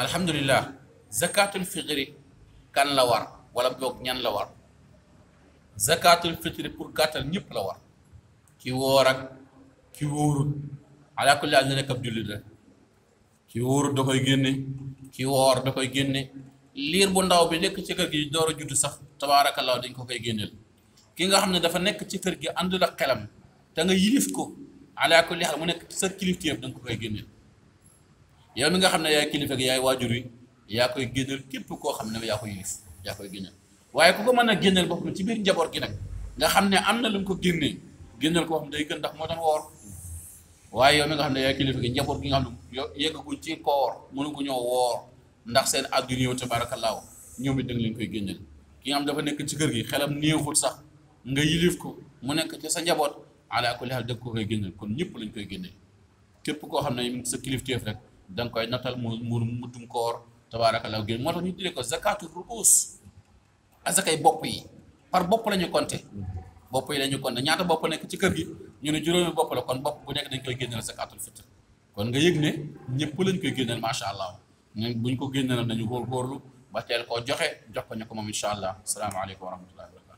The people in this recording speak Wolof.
alhamdulilah zakatul fitri kan la war wala boog ñan la war zakatul fitri pour gàttal ñëpp la war ki woor ak ki wóorut ala kulli al nekk ab ki wóorut da koy génne ki woor da koy génne liir bu ndaw bi nekk ci kër gi door a judd sax tabaarakallaa dañ ko koy génneel ki nga xam ne dafa nekk ci kër gi àndul ak xelam te nga yilif ko ala kulli xal mu nekk sa kilifteef da nga ko koy génneel yow mi nga xam ne yaay kilifa gi yaay waajur wi yaa koy génneel képp koo xam ne yaa koy yilif yaa koy génneel waaye ku ko mën a génneel boppam ci biir njaboot gi nag nga xam ne am na lu ko génnee génneel ko xam day gën ndax moo tax woor waaye yow mi nga xam ne yaa kilifa gi njaboot gi nga xam ne yeggaguñ ci koor mënu ko ñoo ndax seen àdduna yow tabaarakallaahu ñoom it da nga leen koy génneel ki nga xam dafa nekk ci kër gi xelam néewul sax nga yilif ko mu nekk ci sa njaboot ala kulli haal dëgg ko koy génneel kon ñëpp lañ koy génneel képp koo xam ne sa kilifteef rek da nga koy natal mu muur muddum koor tabaarakallahu gén moo tax ñu tuddee ko zakatu ruus azakay bopp yi par bopp la konte compté bopp yi la ñu ñaata bopp nekk ci kër gi ñu ne juróomi bopp la kon bopp bu nekk dañ koy génneel zakatul fitr kon nga yëg ne ñëpp lañ koy génneel macha allah buñ ko génneel nañu góorgóorlu ba teel koo joxe jox ko ñu ko moom incha allah salaamaaleykum wa